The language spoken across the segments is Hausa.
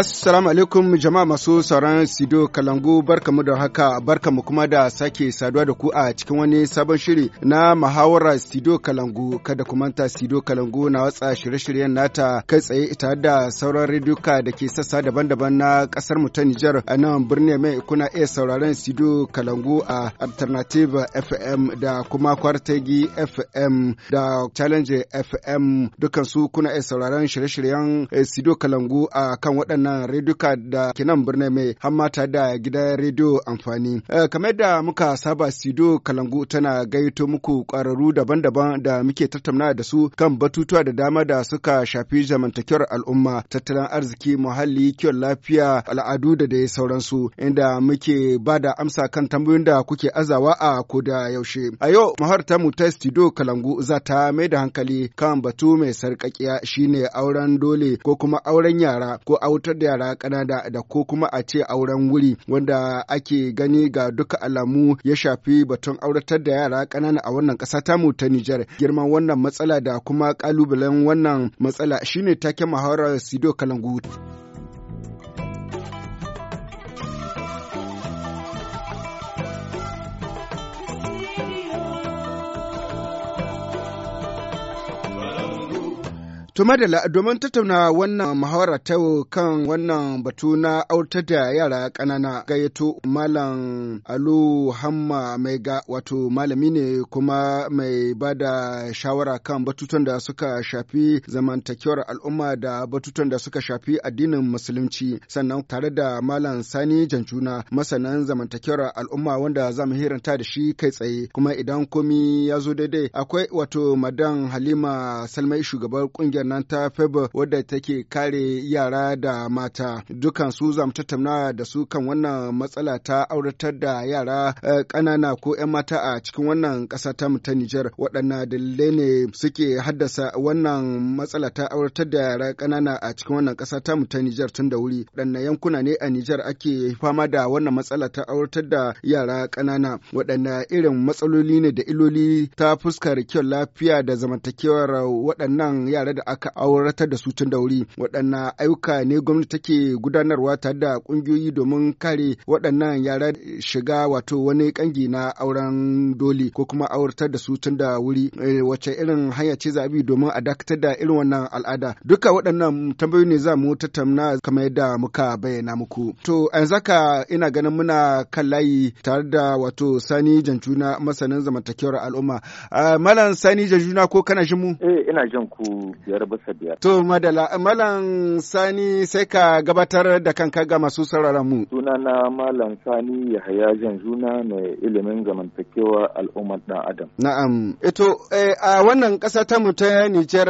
Assalamu alaikum jama'a masu sauran Sido Kalangu barkamu da haka barka mu kuma da sake saduwa da ku a cikin wani sabon shiri na muhawara Sido Kalangu kada ku manta Sido Kalangu na watsa shirye-shiryen nata kai tsaye ita da sauran reduka da ke sassa daban-daban na kasar mu ta Nijar a nan birni mai kuna iya sauraron Sido Kalangu a Alternative FM da kuma Kwartegi FM da Challenge FM dukansu kuna iya sauraron shirye-shiryen eh, Sido Kalangu a kan waɗannan radio reduka da ke nan birnin mai hammata da gidan rediyo amfani. Eh, kamar da muka saba Sido Kalangu tana gaito muku ƙwararru daban-daban da muke tattauna da su kan batutuwa da dama da suka shafi zamantakewar al'umma, tattalin arziki, muhalli, kiwon lafiya, al'adu da dai sauransu, inda muke ba da amsa kan tambayoyin da kuke azawa a koda yaushe. A yau ta mu ta Sido Kalangu za ta mai da hankali kan batu mai sarƙaƙiya shine auren dole ko kuma auren yara ko tarbiyyantar da yara kanada da ko kuma a ce auren wuri wanda ake gani ga duka alamu ya shafi batun auratar da yara kanana a wannan kasa tamu ta Nijar. Girman wannan matsala da kuma ƙalubalen wannan matsala shine taken muhawarar Sido Kalangu. Tuma da domin tattauna wannan muhawara ta kan wannan batu na autar da yara ƙanana gayyato Malam Alu Hamma Maiga wato malami ne kuma mai ba da shawara kan batutan da suka shafi zamantakewar al'umma da batutan da suka shafi addinin musulunci sannan tare da Malam Sani Janjuna masanan zamantakewar al'umma wanda za mu hiranta da shi kai tsaye kuma idan komi ya zo daidai akwai wato madan Halima Salmai Shugaban kungiyar nan ta feba wadda take kare yara da mata dukan su zamu tattauna da su kan wannan matsala ta auratar da yara eh, ƙanana ko 'yan mata a cikin wannan ƙasa ta mu ta Nijar waɗanne dalilai ne suke haddasa wannan matsala ta auratar da yara ƙanana a cikin wannan ƙasa ta mu ta Nijar tun da wuri waɗanne yankuna ne a Nijar ake fama da wannan matsala ta auratar da yara ƙanana waɗanne irin matsaloli ne da iloli ta fuskar kyau lafiya da zamantakewar waɗannan yara da aka aka auratar da su tun da wuri waɗannan ayyuka ne gwamnati take gudanarwa tare da ƙungiyoyi domin kare waɗannan yara shiga wato wani ƙangi na auren doli ko kuma auratar da su tun da wuri eh, wace irin hanya ce zabi domin a dakatar da irin wannan al'ada duka waɗannan tambayoyi ne za mu tattauna kamar yadda muka bayyana muku to yanzu haka ina ganin muna kan layi tare da wato sani janjuna masanin zamantakewar al'umma ah, malam sani janjuna ko kana jin mu eh ina jin ku biyar bisa biyar. To madala malam Sani sai ka gabatar da kanka ga masu sauraron mu. Sunana malam Sani jan Janjuna mai ilimin zamantakewa al'ummar dan Adam. Na'am. Ito eh, a wannan ƙasa ta mu ta Nijar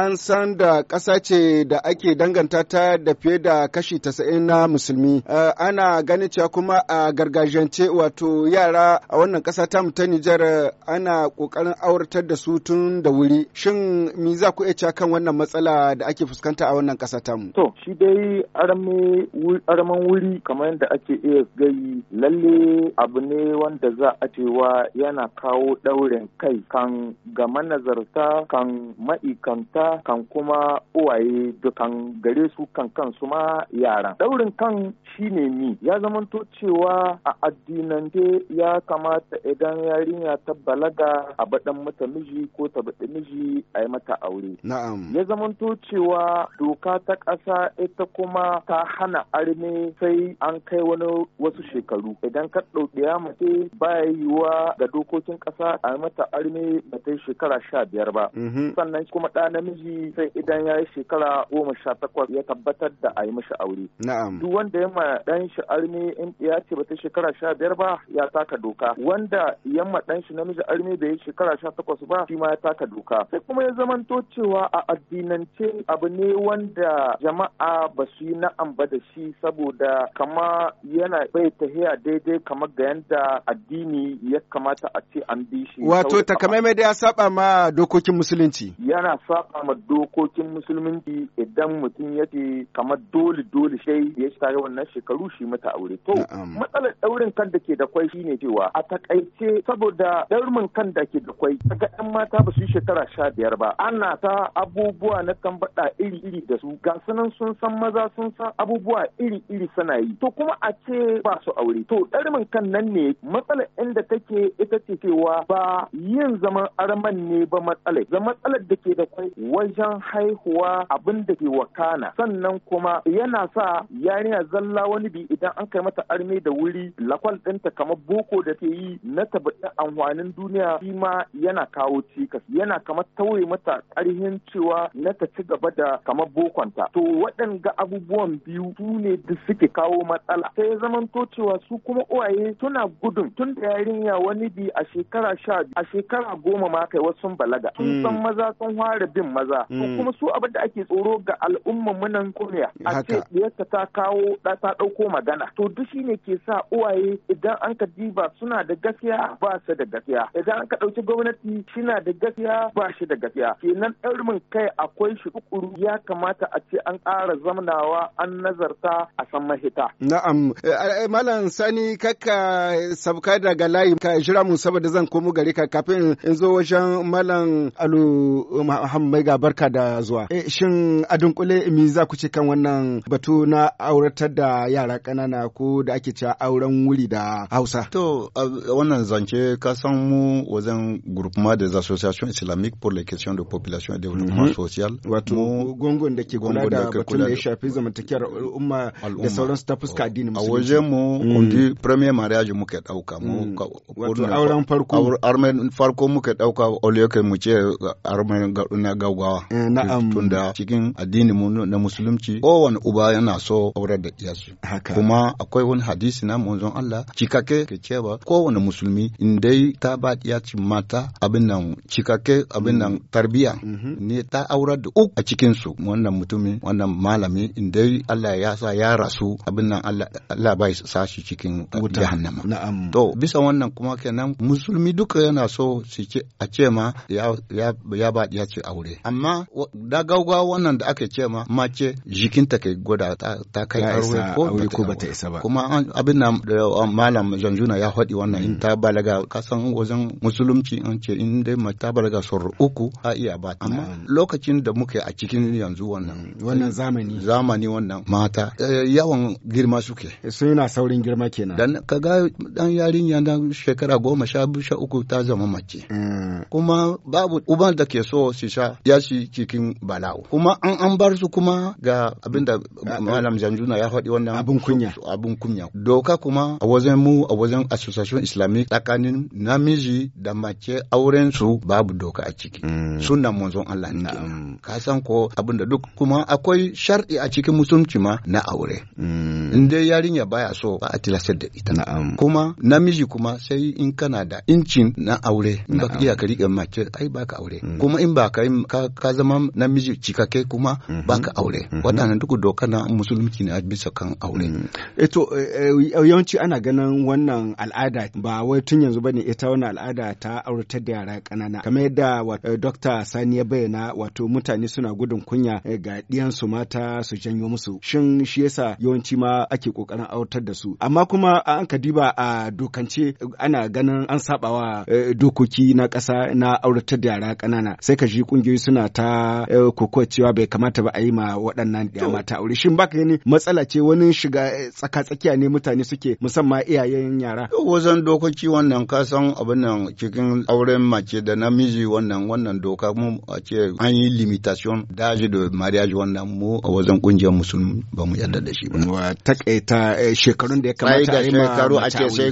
an san da ƙasa ce da ake danganta ta da fiye da kashi tasa'in na musulmi. Eh, ana ganin cewa kuma a gargajiyance wato yara a wannan ƙasa ta mu ta Nijar ana ƙoƙarin auratar da su tun da wuri. Shin me za ku iya akan wannan matsala da ake fuskanta a wannan kasa tamu? To, shi dai araman wuri kamar yadda ake iya gayi lalle abu ne wanda za a cewa yana kawo ɗaurin kai kan ga manazarta kan ma'ikanta kan kuma uwaye dukan gare su kan kansu ma yaran. Ɗaurin kan shi ne mi ya zamanto cewa a addinance ya kamata idan yarinya ta balaga a baɗan mata miji ko ta miji a yi mata aure. Na'am. Ya zamanto cewa doka ta ƙasa ita kuma ta hana arme sai an kai wani wasu shekaru. Idan ka ɗauki ya mace baya yiwuwa ga dokokin ƙasa a mata arme ba ta shekara sha biyar ba. Mhm. Sannan kuma ɗa namiji sai idan ya yi shekara goma sha takwas ya tabbatar da a yi mashi aure. Na'am. Duk wanda ya ma ɗan shi arme in ya ce ba ta shekara sha biyar ba ya taka doka. Wanda ya ma ɗan shi namiji arme bai yi shekara sha takwas ba shi ma ya taka doka. Sai kuma ya zamanto cewa a a addinance abu ne wanda jama'a ba su yi na'am ba da shi saboda kama yana bai tahiya daidai kama ga yanda addini ya kamata a ce an bi shi. Wato takamaimai da ya saba ma dokokin musulunci. Yana saba ma dokokin musulunci idan mutum ya ce kamar dole dole shai ya shi tare wannan shekaru shi mata aure. To matsalar ɗaurin kan da ke da kwai shine cewa a takaice saboda ɗaurin kan da ke da kwai daga 'yan mata ba su yi shekara sha biyar ba ana ta abubuwa na tambada iri-iri da su ga sunan sun san maza sun san abubuwa iri-iri suna yi to kuma a ce ba su aure to ɗarmin kan nan ne matsalar inda take ita ce cewa ba yin zaman arman ne ba matsalar da matsalar da ke da kwai wajen haihuwa abin da ke wakana sannan kuma yana sa yarinya zalla wani bi idan an kai mata arme da wuri lakwal ɗinta kamar boko da ke yi na tabbatar amfanin duniya shi ma yana kawo cikas yana kamar taure mata ƙarhin ci cewa na ta ci gaba da kamar bokonta to waɗanda abubuwan biyu su ne da suke kawo matsala sai ya zamanto cewa su kuma uwaye suna gudun tun da yarinya wani bi a shekara sha a shekara goma ma kai wasu balaga sun hmm. san maza sun fara bin maza ko hmm. kuma su abin da ake tsoro ga al'umman mu nan kuniya a ce ta kawo da ta ɗauko magana to duk ne ke sa uwaye idan an ka diba suna da gaskiya ba su da gaskiya idan an ka ɗauki gwamnati suna da gaskiya ba shi da gaskiya kenan ɗaurin kai akwai shi ya kamata a ce an ƙara zamanawa an nazarta a san mahita. Na'am, eh, Malam Sani kakka sabka daga layi ka jira mu saboda zan komo gari ka kafin in zo wajen Malam Alu Muhammad ga barka da zuwa. Eh, shin a dunkule mi za ku ce kan wannan batu na auratar da yara ƙanana ko da ake cewa auren wuri da Hausa? To, wannan zance ka san mu wajen groupement des associations islamiques pour les questions de population et développement. mouvement social wato gungun da ke kula da batun da ya shafi zamantakiyar al'umma da su ta fuska addinin musulunci a waje mm. mu kundi mm. premier mariage muka dauka mu wato auren farko armen farko muka dauka olyoke mu ce armen na gaugawa eh, na'am tunda cikin addini mu na musulunci kowane uba yana so aurar da iyasu kuma akwai wani hadisi na manzon Allah cikake ke cewa kowane musulmi in dai ta ba iyaci mata abin nan cikake abin nan mm. tarbiya mm-hmm. ne ta aurar da uku a cikin su wannan mutumin wannan malami dai Allah ya sa ya rasu abin nan Allah bai sa shi cikin jahannama na'am to bisa wannan kuma kenan musulmi duka yana so su ce a ce ma ya ya ba ya ce aure amma da gauga wannan da aka ce ma mace jikinta kai gwada ta kai aure ko ta isa ba kuma abin nan um, malam zanzuna ya faɗi wannan in mm. ta balaga kasan wajen musulunci an ce in dai mata balaga sur uku a iya ba amma lokacin da muke a cikin yanzu wannan wannan eh, zamani zamani wannan mata eh, yawan girma suke eh, suna saurin girma kenan dan kaga dan yarinya na shekara goma sha biyu sha uku ta zama mace hmm. kuma babu uban da ke so su sha ya shi cikin bala'u kuma an an bar su kuma ga da ah, ah. malam zanjuna ya faɗi wannan abun kunya abun kunya doka kuma a wajen mu a wajen association islamic tsakanin namiji da mace auren su babu doka a ciki hmm. sunan manzon Allah ne na'am ka san ko abin da duk kuma akwai sharɗi a cikin musulunci ma na aure mm. in dai yarinya baya so ba a tilastar da ita na'am kuma namiji kuma sai in kana da incin na aure in baka iya ka riƙe mace ai ka aure mm. kuma in ba ka zama namiji cikakke kuma ba mm-hmm. baka aure mm-hmm. waɗannan duk doka na musulunci ne a bisa kan aure mm. eto eh eh, eh, yawanci ana ganin wannan al'ada ba wai tun yanzu bane ita wannan al'ada ta auratar da yara ƙanana kamar yadda Dr. Sani ya bayyana wato mutane suna gudun kunya eh, ga ɗiyansu mata su janyo musu shin shi yasa yawanci ma ake kokarin aurtar da su amma kuma an ka diba a dokance ana ganin an sabawa eh, dokoki na ƙasa na auratar da yara ƙanana sai ka ji kungiyoyi suna ta eh, kokowa cewa bai kamata ba a yi ma waɗannan ɗiya mata aure shin baka gani matsala ce wani shiga tsaka-tsakiya ne mutane suke musamman iyayen yara wajen dokoki wannan ka san abin nan cikin auren mace da namiji wannan wannan doka mu a ce an yi limitation daji da mariage wannan mu a wajen kungiyar musulmi ba mu yarda da shi ba wa takaita eh, shekarun da ya kamata a yi ma shekaru a ce sai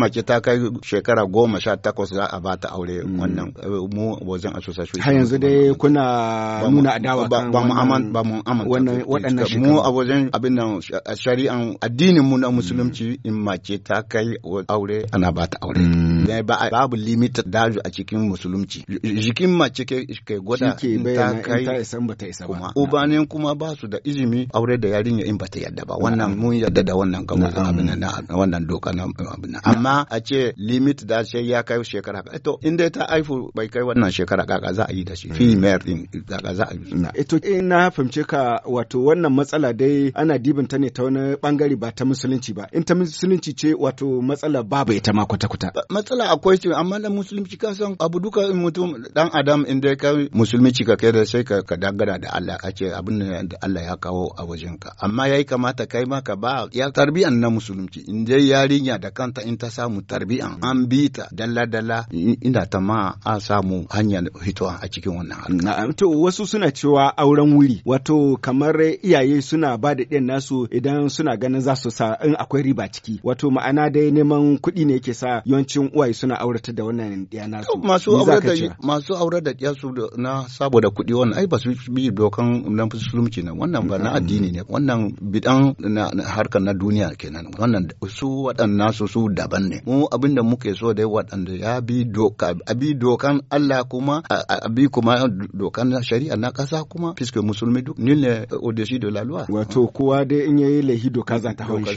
mace ta kai shekara goma sha takwas za a ba ta aure hmm. wannan eh, mu wajen association har yanzu dai kuna nuna adawa kan ba mu aman ba mu aman wannan waɗannan shekaru mu a wajen abin nan shari'an addinin mu na hmm. musulunci in mace ta kai aure ana ba ta aure hmm. babu limit daji a cikin musulunci jikin mace ke gwada ake bayyana in ta isa in bata isa ba ubanen kuma ba su da izini aure da yarinya in bata yadda ba wannan mun yadda da wannan gama abin na wannan doka na abin amma a ce limit da sai ya kai shekara ka to in dai ta aifu bai kai wannan shekara ka za a yi da shi mm. female din ka za a yi eh, to eh, na fahimce ka wato wannan matsala dai ana dibinta ne ta wani bangare ba ta musulunci ba in ta musulunci ce wato matsala babu ita ma kwata kwata matsala akwai ce amma da musulunci san abu duka mutum dan adam in dai kai musulmi zumunci ka kai da sai ka dangana da Allah ka ce abin da Allah ya kawo a wajenka amma yayi kamata kai ma ka ba ya tarbiyan na musulunci in dai yarinya da kanta in ta samu tarbiyan an bi ta dalla dalla ina ta ma a samu hanyar hitowa a cikin wannan to wasu suna cewa auren wuri wato kamar iyaye suna ba da ɗiyan nasu idan suna ganin za su sa in akwai riba ciki wato ma'ana dai neman kuɗi ne yake sa yawancin uwaye suna auratar da wannan ɗiya nasu masu aure da masu aure da ɗiya su na saboda kuɗi wannan ai ba su bi dokan nan musulunci nan wannan ba na addini ne wannan bidan na harkar na duniya kenan wannan su waɗannan su su daban ne mu abin da muke so dai waɗanda ya bi doka abi dokan Allah kuma a bi kuma dokan shari'a na ƙasa kuma fiske musulmi duk ni ne eh, odeshi de la loi wato kowa dai in yayi lahi doka za ta haushi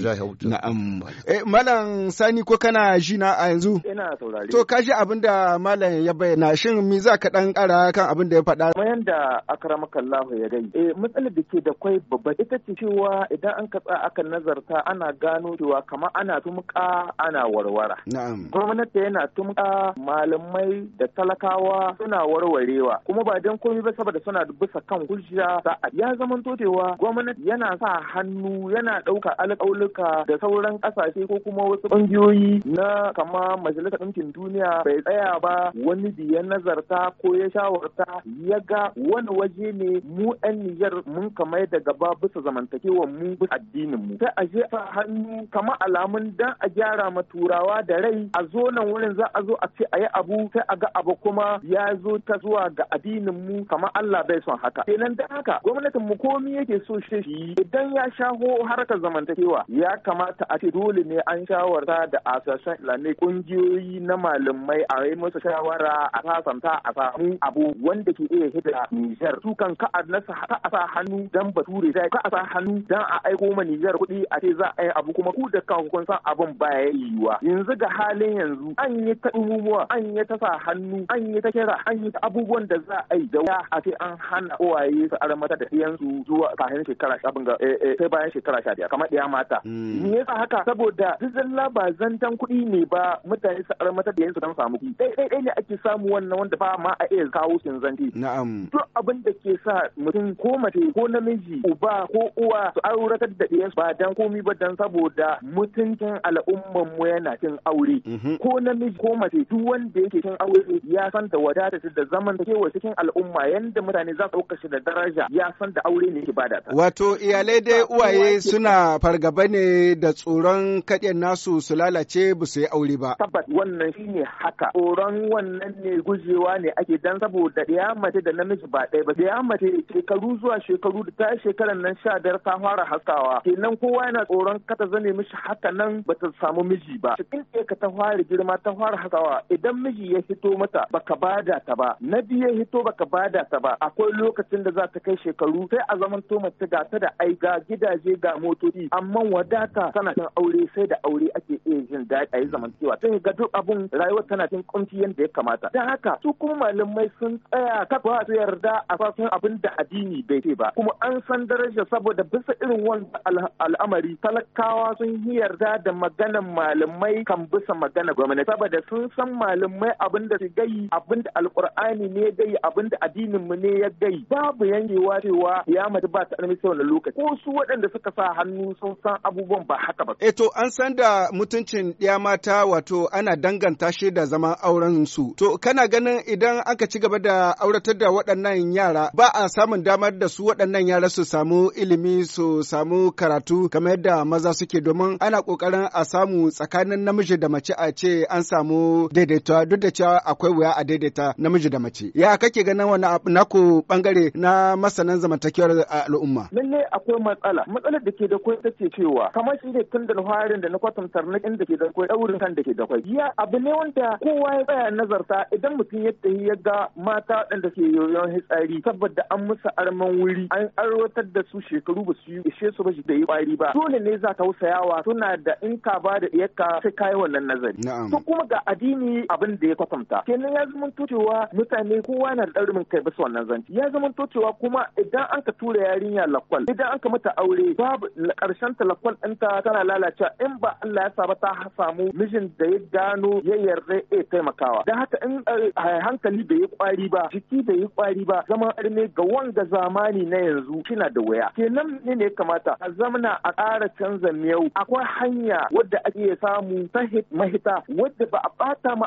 na'am eh malam sani ko kana ji na a yanzu ina saurare to kaji abin da malam ya bayyana shin mi za ka dan kara kan abin da ya faɗa. Kuma yanda Allahu ya gai. Eh matsalar da ke da kwai babba ita ce cewa idan an katsa aka nazarta ana gano cewa kamar ana tumka ana warwara. Na'am. Gwamnati yana tumka malamai da talakawa suna warwarewa kuma ba dan komai ba saboda suna bisa kan hujja ya zama cewa gwamnati yana sa hannu yana ɗauka alƙauluka da sauran ƙasashe ko kuma wasu ƙungiyoyi na kama majalisar ɗinkin duniya bai tsaya ba wani biyan nazarta ko ya shawarta ya ga wani waje ne mu 'yan Nijar mun kama da gaba bisa zamantakewar mu bisa addinin mu sai a je a hannu kama alamun dan a gyara ma turawa da rai a zo nan wurin za a zo a ce a yi abu sai a ga abu kuma ya zo ta zuwa ga addinin mu kama Allah bai son haka kenan da haka gwamnatin mu komi yake so shi idan ya shaho harkar zamantakewa ya kamata a ce dole ne an shawarta da asashen ilanai, kungiyoyi na malamai a yi musu shawara a sasanta a samu abu wanda ke ake iya hida Nijar su kan ka a sa hannu dan bature zai ka a sa hannu dan a aiko ma Nijar kuɗi a ce za a yi abu kuma ku da ka kun san abin ba yi yiwuwa yanzu ga halin yanzu an yi ta umumuwa an yi ta sa hannu an yi ta kira an yi ta abubuwan da za a yi da wuya a ce an hana kowaye su aramata da siyansu zuwa kafin shekara abin ga eh, eh, sai bayan shekara sha biyar kamar ɗaya mata. Hmm. Me yasa haka saboda zalla ba zantan kuɗi ne ba mutane su aramata da yansu don samu kuɗi. Ɗai ɗai ne ake samu wannan wanda ba ma a iya kawo sun zanti Na'am. Duk abin da ke sa mutum ko mace ko namiji uba ko uwa su auratar da ɗiyansu ba dan komi ba dan saboda mutuncin al'umman mu yana cin aure. Mhm. Ko namiji ko mace duk wanda yake cin aure ya san da wadata da zaman kewa cikin al'umma yanda mutane za su ɗauka shi da daraja ya san da aure ne ke bada. Wato iyalai dai uwaye suna fargaba ne da tsoron kaɗe nasu su lalace ba su yi aure ba. Tabbat wannan shine haka. Tsoron wannan ne gujewa ne ake dan saboda ɗaya mace da namiji ba ɗaya ba da ya mace shekaru zuwa shekaru da ta shekaran nan sha biyar ta fara haskawa kenan kowa yana tsoron kata zane mishi haka nan ba ta samu miji ba cikin ka ta fara girma ta fara haskawa idan miji ya hito mata baka bada ta ba na biyu ya fito baka bada ta ba akwai lokacin da za ta kai shekaru sai a zaman to mace ga ta da ai ga gidaje ga motoci amma wadata tana kan aure sai da aure ake iya jin daɗi a yi cewa sai ga duk abun rayuwa tana cin kunci yadda ya kamata don haka su kuma malamai sun tsaya ta ba su yarda a fasan abin da addini bai ce ba kuma an san daraja saboda bisa irin wanda al'amari talakawa sun yarda da maganan malamai kan bisa magana gwamnati saboda sun san malamai abin da su gayi abin da alkur'ani ne gayi abin da addinin mu ne ya gayi babu yankewa cewa ya mace ba ta almisa wani lokaci ko su waɗanda suka sa hannu sun san abubuwan ba haka ba. Eto eh an san da mutuncin ɗiya mata wato ana danganta shi da zaman auren su to kana ganin idan aka ci gaba da aure tabbatar da waɗannan yara ba a samun damar da su waɗannan yara su samu ilimi su samu karatu kamar yadda maza suke domin ana ƙoƙarin a samu tsakanin namiji da mace a ce an samu daidaituwa duk da cewa akwai wuya a daidaita namiji da mace. Ya kake ganin wani ku bangare na masanan zamantakewar al'umma? Lalle akwai matsala. Matsalar da ke da kwai ce cewa kamar shi ne tun da harin da na kwatantar na inda ke da kwai ɗaurin kan da ke da kwai. Ya abu ne wanda kowa ya tsaya nazarta idan mutum ya tafi ya ga mata waɗanda suke yoyon hitsari saboda an musu arman wuri an arwatar da su shekaru ba su ishe su ba da yi kwari ba dole ne za ka tausayawa suna da in ka ba da iyaka sai ka wannan nazari to kuma ga addini abin da ya kwatanta kenan ya zama cewa mutane kowa na da ɗarumin kai bisa wannan zanci ya zama cewa kuma idan an ka tura yarinya lakwal idan an ka mata aure babu karshen ta lakwal ɗinta tana lalacewa in ba Allah ya sa ba ta samu mijin da ya gano ya yarda ya taimakawa da haka in eh, hankali bai yi kwari ba jiki bai yi kwari ba zaman arme ga wanga zamani na yanzu kina da waya kenan ne ne kamata a zamana a ƙara canza miyau akwai hanya wadda ake samu ta mahita wadda ba a bata mu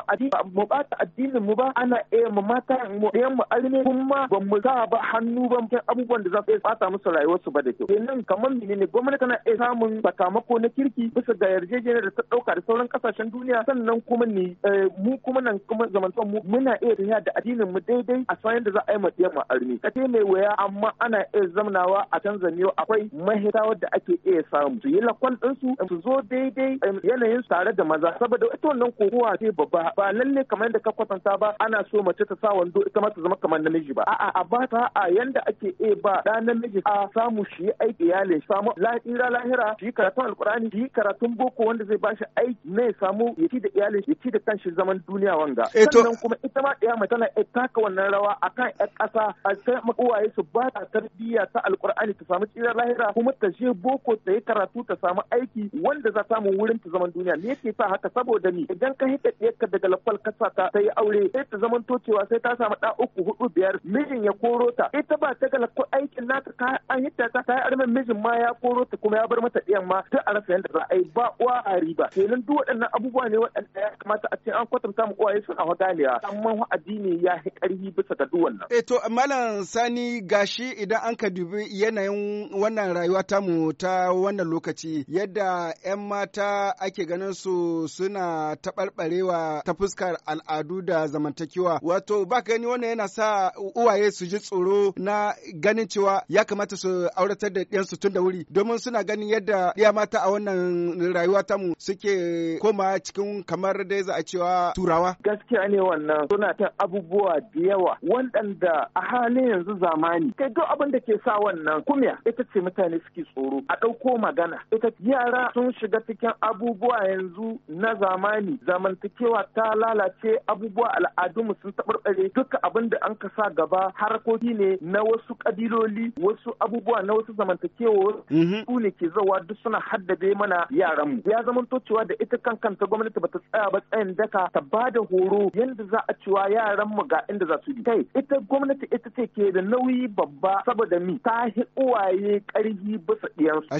mu bata addinin mu ba ana iya mu mata mu ɗayan mu arme kuma ba mu sa ba hannu ba mu abubuwan da za su bata musu rayuwar su ba da kyau kenan kamar ne gwamnati tana iya samun sakamako na kirki bisa ga yarjejeniyar da ta ɗauka da sauran ƙasashen duniya sannan kuma ni eh, mu kuma nan kuma zamantar mu muna iya tafiya da addinin mu daidai a san da za a yi matsiyan ma armi kace mai waya amma ana iya zamnawa a Tanzania akwai mahita wadda ake iya samu su yi lakwal ɗinsu su zo daidai yanayin tare da maza saboda ita wannan kokowa ce babba ba lalle kamar yadda ka kwatanta ba ana so mace ta sa wando ita ma ta zama kamar namiji ba a'a a ba ta a yanda ake iya ba da namiji a samu shi aiki iyalin samu lahira lahira shi karatun alkurani shi karatun boko wanda zai ba shi aiki ne samu ya ci da iyalin ya ci da kanshi zaman duniya wanga eh, sannan kuma ita ma ɗaya mace tana taka wannan rawa a akan ƴan ƙasa a sai uwaye su ba ta tarbiyya ta alƙur'ani ta samu tsirar lahira kuma ta je boko ta yi karatu ta samu aiki wanda za samu wurin ta zaman duniya me yake sa haka saboda ni idan ka hita ɗiyarka daga lafal ka ta ta yi aure sai ta zaman cewa sai ta samu ɗa uku hudu biyar mijin ya koro ta ita ba ta ga lafal aikin nata ka an hita ta ta yi armen mijin ma ya koro ta kuma ya bar mata ɗiyan ma ta a rasa yadda za a yi ba uwa a riba kenan duk waɗannan abubuwa ne waɗanda ya kamata a ce an kwatanta mu uwaye suna hagaliya amma addini ya fi ƙarfi bisa tabbatar duk wannan. Eto eh, malam Sani gashi idan an ka dubi yanayin wannan rayuwa tamu ta wannan lokaci yadda 'yan mata ake ganin su suna taɓarɓarewa ta fuskar al'adu da zamantakewa wato ba gani wannan yana sa uwaye su ji tsoro na ganin cewa ya kamata su auratar da ɗiyansu tun da wuri domin suna ganin yadda ɗiya mata a wannan rayuwa tamu suke koma cikin kamar dai za a cewa turawa. Gaskiya ne wannan suna ta abubuwa da yawa waɗanda a halin yanzu zamani kai ga abin da ke sa wannan kumya ita ce mutane suke tsoro a ɗauko magana ita yara sun shiga cikin abubuwa yanzu na zamani zamantakewa ta lalace abubuwa al'adunmu sun taɓarɓare duka abin da an ka sa gaba harkoki ne na wasu ƙabiloli wasu abubuwa na wasu zamantakewa mhm. su ne ke zawa duk suna haddade mana yaranmu ya zamanto cewa da ita kan kanta gwamnati ta tsaya ba tsayin daka ta ba da horo yadda za a cewa mu ga inda za su bi mai ita gwamnati ita ce ke da nauyi babba saboda mi ta hi uwaye karhi bisa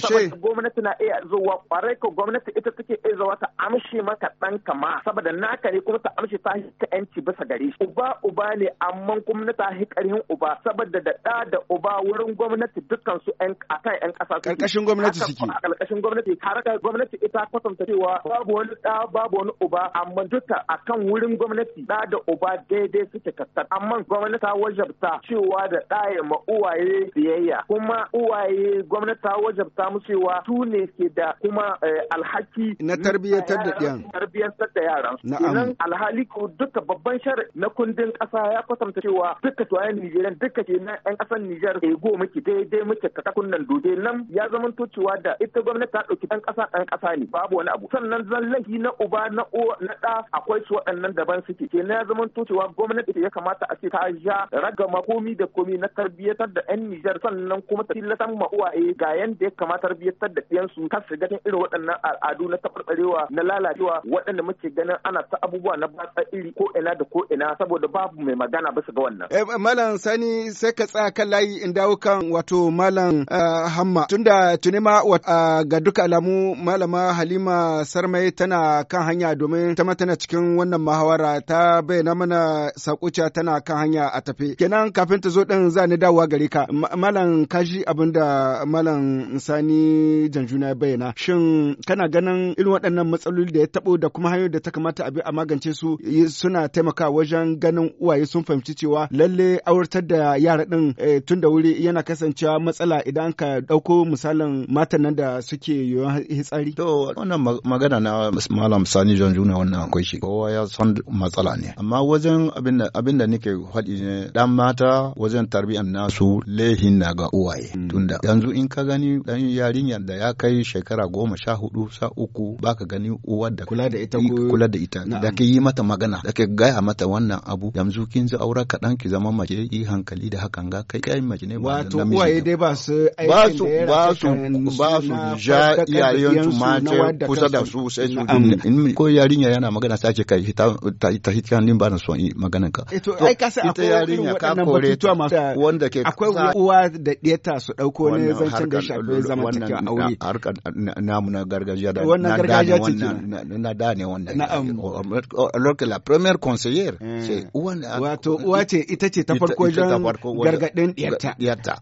su saboda Gwamnati na iya zuwa kwarai ka gwamnati ita take iya zuwa ta amshe maka dan kama saboda naka kare kuma ta amshi ta hi ta yanci bisa gare shi. Uba uba ne amma gwamnati ta hi karhin uba saboda da da da uba wurin gwamnati dukkan su ƴan yan kasa su Ƙarƙashin gwamnati suke. Ƙarƙashin gwamnati harkar gwamnati ita kwatanta cewa babu wani ɗa babu wani uba amma duka akan wurin gwamnati ɗa da uba daidai suke kasar amma gwamnati ta wajabta cewa da ɗaya ma uwaye biyayya kuma uwaye gwamnati ta wajabta mu cewa su ne ke da kuma eh, alhaki na tarbiyyar da ɗiyan tarbiyyar da yaran na'am alhali ko duka babban shar na kundin ƙasa ya kwatanta cewa duka tuwayen Nijeriya duka ke na ƴan ƙasar Nijar ego eh, muke daidai muke ta kunnan dode nan ya zama cewa da ita gwamnati ta ɗauki ɗan ƙasa ɗan ƙasa ne babu wani abu sannan lahi na uba na uwa na ɗa akwai su waɗannan daban suke kenan ya zama cewa gwamnati ya kamata a ce ta ja ragama komi da komi na tarbiyyatar da 'yan Nijar sannan kuma ta tilatan ma uwaye ga yanda ya kamata tarbiyyatar da ɗiyansu ta shiga cikin irin waɗannan al'adu na taɓarɓarewa na lalacewa waɗanda muke ganin ana ta abubuwa na batsa iri ko ina da ko ina saboda babu mai magana bisa ga wannan. Eh, Malam Sani sai ka tsaya kan layi in dawo kan wato Malam eh, Hamma tunda tuni ma ga duka alamu Malama Halima Sarmai tana kan hanya domin ta tana cikin wannan mahawara ta bayyana mana sakuca tana kan hanya. hanya a tafi kenan kafin ta zo din za ni dawowa gare ka malam kaji abin da malam sani janjuna ya bayyana shin kana ganin irin waɗannan matsaloli da ya taɓo da kuma hanyoyin da ta kamata a bi a magance su suna taimakawa wajen ganin uwaye sun fahimci cewa lalle auratar da yara din eh, tun da wuri yana kasancewa matsala idan ka ɗauko misalin matan nan da suke yiwuwar hitsari. To wannan magana na malam sani janjuna wannan akwai shi kowa ya san matsala ne amma wajen abin da nake faɗi ne ɗan mata wajen tarbiyyar nasu lehin na ga uwaye. Tunda yanzu in ka gani ɗan yarinyar da ya kai shekara goma sha hudu sa uku ba ka gani uwar da kula da ita kula da ita da ke yi mata magana da ke gaya mata wannan abu yanzu kin ji aura ɗan ki zama mace yi hankali da hakan ga kai kai mace ne wato uwaye dai ba su ba su ba su ba su ja su mace kusa da su sai su ko yarinya yana magana sace kai ta ta hitan din ba na son magana ka to ai ka san akwai yarinya ka kore masu wanda ke akwai uwa da ɗeta su ɗauko ne zan can da shafi zama a aure harkar namu na gargajiya da wannan gargajiya ce na dane ne wannan alors que la première conseillère eh. c'est wato uwa ce ita ce ta farko jan gargadin ɗeta diyata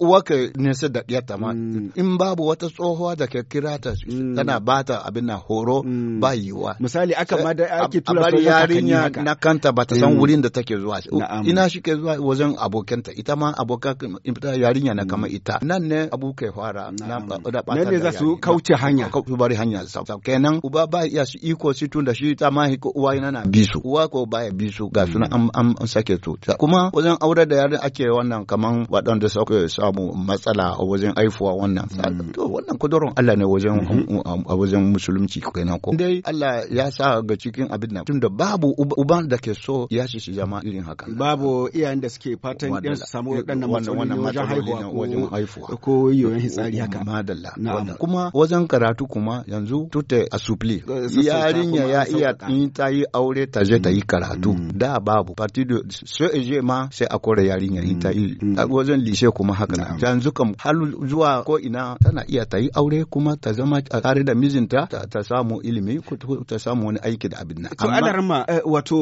uwa ke nisa da ɗeta ma hmm. in babu wata tsohuwa da ke kira ta hmm. tana bata abin na horo hmm. ba yiwa misali aka ma da ake tura yarinya na kanta ba ta san wurin da take zuwa zuwa ina shi ke zuwa wajen abokanta ita ma abokan ita yarinya na kama mm. ita nan ne abu kai fara na da bata ne za su kauce hanya su bari hanya sa kenan uba ba ya shi iko shi tun da shi ta ma hiko uwa yana na bisu uwa ko ba ya bisu ga suna mm. an an sake su kuma wajen aure da yarin ake wannan kaman waɗanda suka samu matsala a wajen aifuwa wannan mm. to wannan kudurin Allah ne wajen mm-hmm. a wajen musulunci kenan ko dai Allah ya sa ga cikin abin nan tunda babu uban da ke so ya shi jama'a yin haka babu iyayen da suke fatan yan su samu waɗannan matsaloli wajen haihuwa ko yoyon hitsari mm, haka madalla kuma wajen karatu kuma yanzu a supli eh, yarinya ya iya in ta yi aure ta je ta yi mm, karatu mm. da babu partido so je ma sai a kore yarinya in ta yi wajen lishe kuma haka yanzu kam halu zuwa ko ina tana iya ta yi aure kuma ta zama kare da mijinta ta samu ilimi ta samu wani aiki da abin nan to alarma eh, wato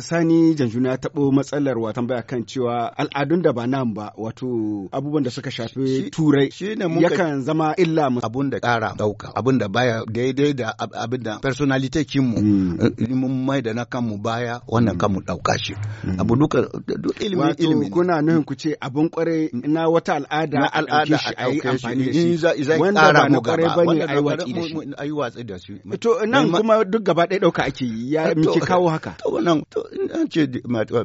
sani janjuna ta taɓo matsalar wa tambaya kan cewa al'adun da ba nan ba wato abubuwan da suka shafi turai yakan zama illa abun da ƙara ɗauka abun da baya daidai da abin da personality kinmu hmm. eh, mun mai da na kanmu baya wannan hmm. kanmu ɗauka shi hmm. abu duka ilimin ilimin kuna nuhin ku ce abun kwarai na wata al'ada na al'ada a yi amfani da shi wanda ba na kwarai ba ne a yi watsi da shi to nan kuma duk gaba ɗaya ɗauka ake yi ya eh, miki kawo haka to nan to an ce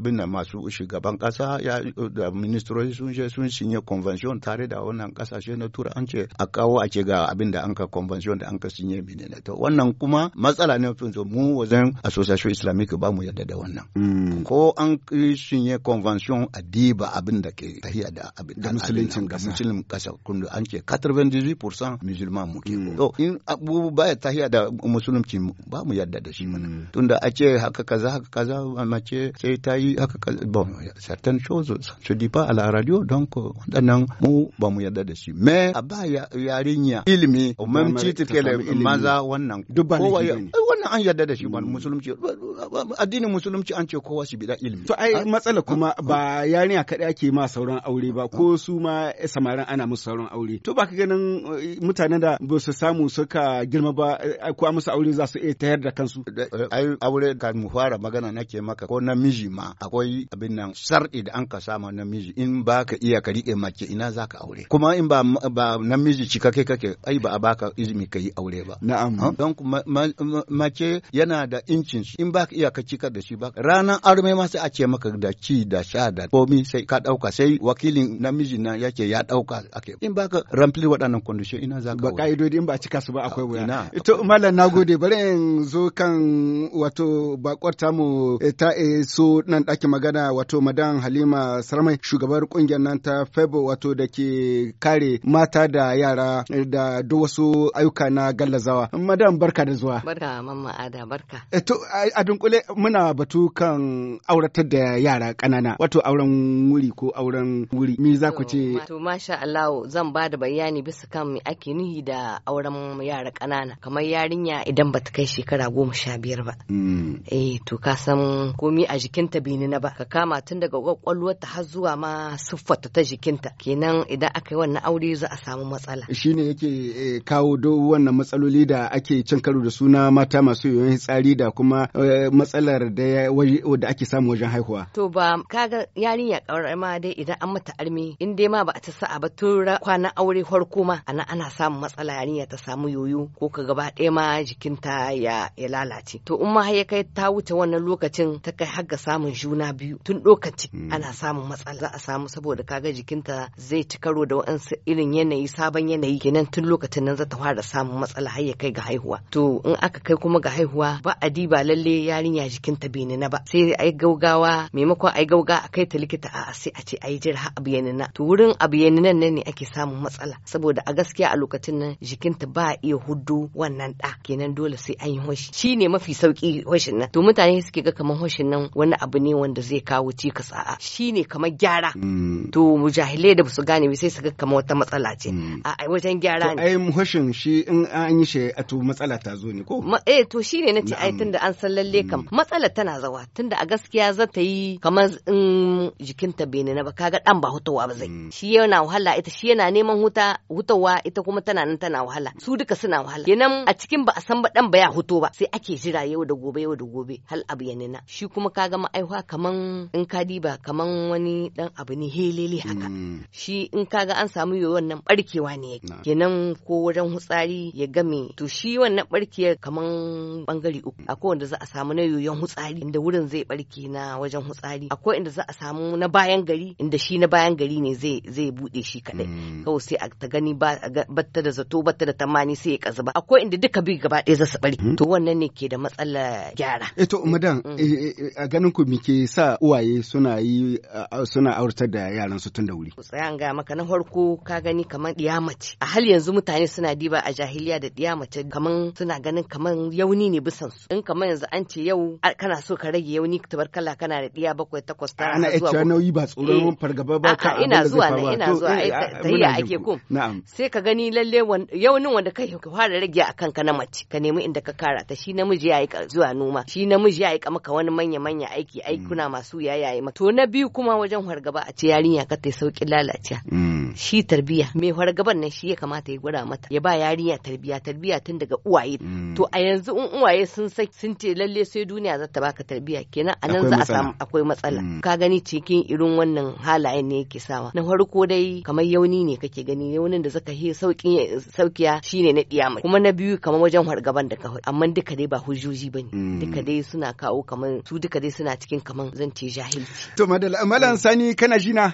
abin nan masu shugaban kasa ya da ministoci sun je sun sinye convention tare da wannan kasashe na tura an ce a kawo a ce ga abin da an ka convention da an ka sinye na to wannan kuma matsala ne mu wajen association islamic ba mu yarda da wannan hmm. ko an sinye convention a diba abin da ke tahiya da abin da musuluncin ga musulmin kasa kundu an ce 98% musulman ke hmm. to in abu ya tahiya da musulunci ba mu yarda da shi mana hmm. tunda a ce haka kaza haka kaza mace sai ta yi shi aka bon certaines choses ça se dit pas à la radio donc waɗannan mu ba mu yadda da shi mais a ba yarinya ilimi au même titre que le maza wannan duk wannan an yadda da shi ba mm. musulunci addinin musulunci an ce kowa shi bida ilimi to ai ah, matsala kuma ah, ba ah. yarinya kaɗai ake ma sauran aure ba ko su ma samaran ana musu sauran aure to ba ka ganin eh, mutanen da ba su samu suka girma ba eh, ko a musu aure za su iya tayar da kansu eh, ai aure ka mu fara magana nake maka ko namiji ma akwai abin nan sharɗi da an ka sama namiji in ba ka iya ka riƙe mace ina za ka aure kuma in ba ba namiji kai kake ai ba a baka izini ka yi aure ba na'am don mace yana da incin in ba ka iya ka cika da shi ba ranar arme ma sai a ce maka da ci da sha da komi sai ka ɗauka sai wakilin namiji na yake ya ɗauka ake in ba ka ramfili waɗannan kwandishin ina za ka ba ka'idodi in ba cika su ba akwai wuya ito malam nagode bari in zo kan wato bakwar tamu eh, ta eh, so nan ɗakin magana wato madan Halima Sarmai shugabar kungiyar nan ta Febo wato da ke kare mata da yara da duk wasu ayyuka na gallazawa. Madan barka da zuwa. Barka mamma ada barka. Eh, to a dunkule muna batu kan auratar da yara ƙanana wato auren wuri ko auren wuri. Me za ku ce? To masha Allah zan ba da bayani bisa kan ake nihi da auren yara ƙanana kamar yarinya idan ba ta kai shekara goma sha biyar ba. Mm. Eh to ka san komi a jikinta bai ni na ba ka kama tun daga kwakwalwarta har zuwa ma siffarta ta jikinta kenan idan aka yi wannan aure za a samu matsala shine yake eh, kawo duk wannan matsaloli da ake cin karo da suna mata masu yoyon tsari da kuma eh, matsalar da ake samu wajen haihuwa to ba kaga yarinya ma dai idan an mata armi in dai ma ba a ta sa'a ba tura kwana aure farko ma ana ana samu matsala yarinya ta samu yoyo ko ka gaba ɗaya ma jikinta ya lalace to in ma har ya kai ta wuce wannan lokacin ta kai har ga samun juna biyu tun lokaci hmm. ana samun matsala za a samu saboda kaga jikinta zai ci karo da wa'ansu irin yanayi sabon yanayi kenan tun lokacin nan za ta fara samun matsala har ya kai ga haihuwa to in aka kai kuma ga haihuwa ba a diba lalle yarinya jikinta bai nuna ba sai a yi gaugawa maimakon a yi gauga a kai ta likita a sai a ce a yi jira har abu ya nuna to wurin abu ya nuna ne ake samun matsala saboda a gaskiya a lokacin nan jikinta ba a iya hudu wannan da kenan dole sai an yi hoshi shine mafi sauki hoshin nan to mutane suke ga kamar hoshin nan wani abu ne ne wanda zai kawo cikas shi shine kamar gyara mm. to mujahilai da basu gane sai su ga kamar wata matsala ce mm. a wajen gyara ne ai muhashin shi in an yi shi a to matsala ta zo ne ko eh to shine ce ai tunda an san lalle kam mm. matsala tana zawa tunda a gaskiya za ta yi kamar in jikinta bai ne ba kaga dan ba hutawa ba zai shi yana wahala ita shi yana neman huta hutawa ita kuma tana nan tana wahala su duka suna wahala kenan a cikin ba a san ba dan ba ya huto ba sai ake jira yau da gobe yau da gobe hal abu ya nina shi kuma kaga ma'aihuwa. kaman in ka diba kaman wani dan abu ne helele haka mm. shi in kaga an samu yo wannan barkewa ne kenan ko wajen hutsari ya game to shi wannan barkiyar kaman bangare uku akwai wanda za a samu na yoyon hutsari inda wurin zai barke na wajen hutsari akwai inda za a samu na bayan gari inda shi na bayan gari ne zai zai bude shi kadai mm. kawai sai a ta gani ba ta da zato ba ta da tamani sai ya kaza ba akwai inda duka bi gaba ɗaya za su barke hmm. to wannan ne ke da matsala gyara eh to mm. eh, eh, eh, a ganin ku me ke sa uwaye suna yi suna auratar da yaran su tun da wuri tsayan ga maka na farko ka gani kamar diya a hal yanzu mutane suna diba a jahiliya da diya mace kamar suna ganin kamar yauni ne bisan su in kamar yanzu an ce yau kana so ka rage yauni tabarkala kana da diya bakwai takwas ta ana zuwa nauyi ba tsoron eh. fargaba ba ka ina zuwa na ina zuwa eh, tayya ake kum sai ka gani lalle yaunin wanda kai ka fara rage akan ka na mace ka nemi inda ka kara ta shi namiji ya yi zuwa noma shi namiji ya yi maka wani manya manya aiki aiki Mm. kuna masu yayaye ma to na biyu kuma wajen hargaba a ce yarinya ka tai sauƙin lalaciya mm. shi tarbiya mai hargaban nan shi ya kamata ya gwada mata ya ba yarinya tarbiya tarbiya tun daga uwaye mm. to a yanzu in uwaye sun sun ce lalle sai duniya za ta baka tarbiya kenan a nan za a samu akwai matsala ka gani cikin irin wannan halayen ne yake sawa na farko dai kamar yauni ne kake gani yaunin da zaka yi sauƙin saukiya shine na ɗiya mai kuma na biyu kamar wajen hargaban da ka amma duka dai ba hujjoji bane duka dai suna kawo kamar su duka dai suna cikin kamar zan ce To madal malam eh. sani kana jina.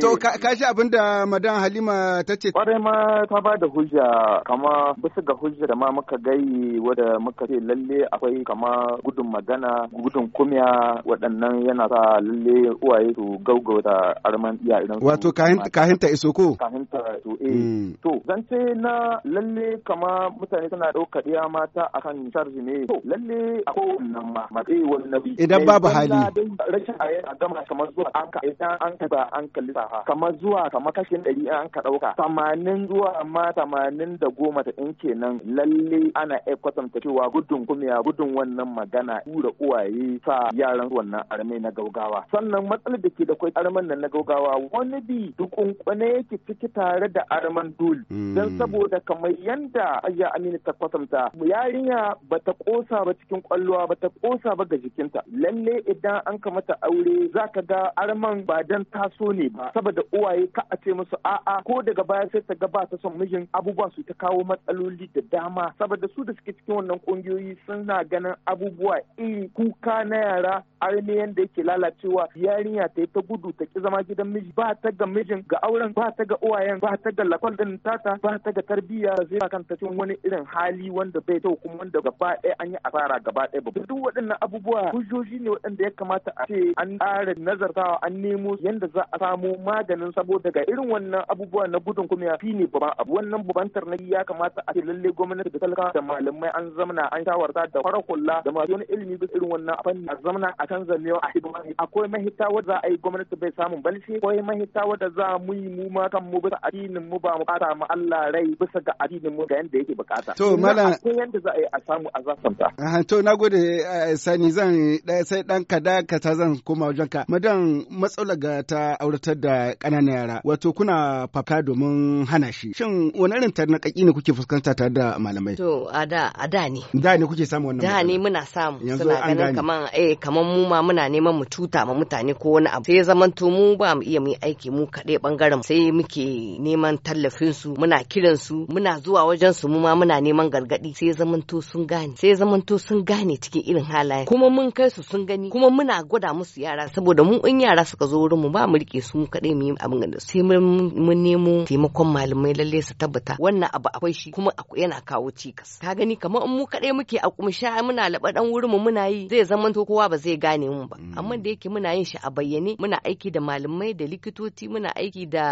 To ka ji abin da madan Halima ta ce. Kwarai ma ta ba da hujja kama bisa ga hujja da ma muka gai wadda muka ce lalle akwai kama gudun magana gudun kumya waɗannan yana sa lalle uwaye su gaugauta arman iya idan. Wato kahin ta iso ko? Kahin ta iso eh. Hmm. To zance na lalle kama mutane suna ɗaukar iya mata akan charge ne. To lalle a wannan ma matsayi wani bi. Idan eh, babu hali. amma dai rashin a gama kamar zuwa an ka idan an ka ba an kalli safa kamar zuwa kamar kashin ɗari an ka ɗauka tamanin zuwa ma tamanin da goma ta ɗin kenan lalle ana iya kwatanta cewa gudun kumiya gudun wannan magana tura uwaye sa yaran wannan arme na gaugawa sannan matsalar da ke da kwai arman nan na gaugawa wani bi dukunkune yake ciki tare da arman dul don saboda kamar yanda ayya Aminu ta kwatanta yarinya bata kosa ba cikin kwallowa bata kosa ba ga jikinta lalle idan an kamata aure za ka ga arman ba dan taso ne ba saboda uwaye ka a ce musu a'a ko daga baya sai ta gaba ta son mijin abubuwa su ta kawo matsaloli da dama saboda su da suke cikin wannan kungiyoyi suna ganin abubuwa iri kuka na yara arme yanda yake lalacewa yarinya ta yi ta gudu ta ki zama gidan miji ba ta ga mijin ga auren ba ta ga uwayen ba ta ga lakwal din tata ba ta ga tarbiyya zai sa kanta cikin wani irin hali wanda bai kyau kuma wanda gaba ɗaya an yi asara gaba ɗaya ba duk waɗannan abubuwa hujjoji ne waɗanda ya kamata a ce an ƙara nazartawa an nemo yadda za a samo maganin saboda ga irin wannan abubuwa na gudun kuma fi ne babban abu wannan bubantar na ya kamata a ce lalle gwamnati da talaka da malamai an zamana an shawarta da farar kula da masu wani ilimi bisa irin wannan fanni a zamana a canza mewa a hidima akwai mahita wadda za a yi gwamnati bai samun balshi akwai mahita wadda za mu yi mu ma kan mu bisa addinin mu ba mu kata mu Allah rai bisa ga addinin mu ga yadda yake bukata to malam akwai yadda za a yi a samu a zasanta to nagode eh, eh, sani zan eh, sai dan kada ta zan koma wajen ka madan matsala ga ta auratar da ƙananan yara wato kuna faka domin hana shi shin wani irin kaki ne kuke fuskanta tare da malamai to a da a da ne da ne kuke samu wannan da ne muna samu suna ganin kaman eh kaman mu ma muna neman mu tuta ma mutane ko wani abu sai zaman to mu ba mu iya mu aiki mu kaɗai bangaren sai muke neman tallafin su muna kiran su muna zuwa wajen su mu ma muna neman gargaɗi sai zaman to sun gane sai zaman to sun gane cikin irin halaye kuma mun kai su sun gani kuma muna gwada musu yara saboda mun in yara suka zo wurin mu ba mu rike su mu kaɗai mu yi abin da sai mun nemo taimakon malamai lalle su tabbata wannan abu akwai shi kuma yana kawo cikas ka gani kamar in mu kaɗai muke a kumsha muna laba ɗan wurin mu muna yi zai zama to kowa ba zai gane mu ba mm. amma da yake muna yin shi a bayyane muna aiki da malamai da likitoci muna aiki da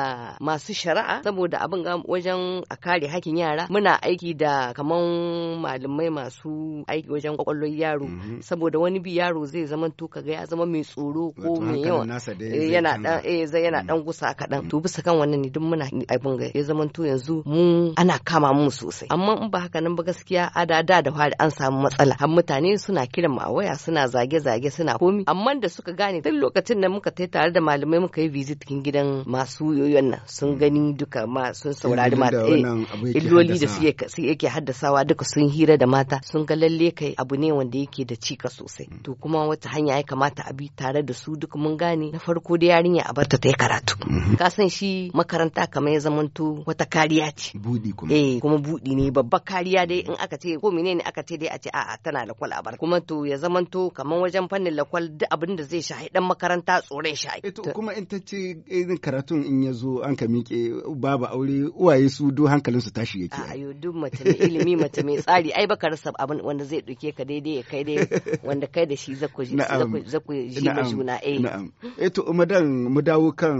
masu shari'a saboda abin wajen a kare hakkin yara muna aiki da kamar malamai masu aiki wajen kwakwalwar yaro mm-hmm. saboda wani bi yaro zai zama to kaga ya zama mai tsoro ko mai yawa eh, yana dan eh zai yana mm. dan gusa kaɗan mm. to bisa kan wannan ne duk muna abin ga ya zama to yanzu mu ana kama mu sosai amma in ba haka nan ba gaskiya a da da da an samu matsala har mutane suna kiran mu a waya suna zage zage suna komi amma da suka gane duk lokacin da muka tai tare da malamai muka yi visit kin gidan masu yoyon nan sun mm. gani duka ma sun saurari mata eh, illoli da su yake haddasawa duka sun hira da mata sun ga lalle kai abu ne wanda yake da cika sosai to kuma wata hanya kamata a bi tare da su duk mun gane na farko da yarinya a barta ta yi karatu mhm. ka san shi makaranta kamar ya zamanto wata kariya ce budi kuma eh kuma budi ne babba kariya dai in aka ce ko menene aka ce dai a ce a'a tana lakwal a bar kuma to ya zamanto kamar wajen fannin lakwal duk abin da zai shahi dan makaranta tsoron shahi eh to kuma in ta ce irin karatun in ya zo an ka miƙe babu aure uwaye su duk hankalin su tashi yake ayo duk mace mai ilimi mace mai tsari ai baka rasa abin wanda zai duke ka daidai ya kai dai wanda kai da shi zaku ji zaku ji eh. na'am eh to mu dawo kan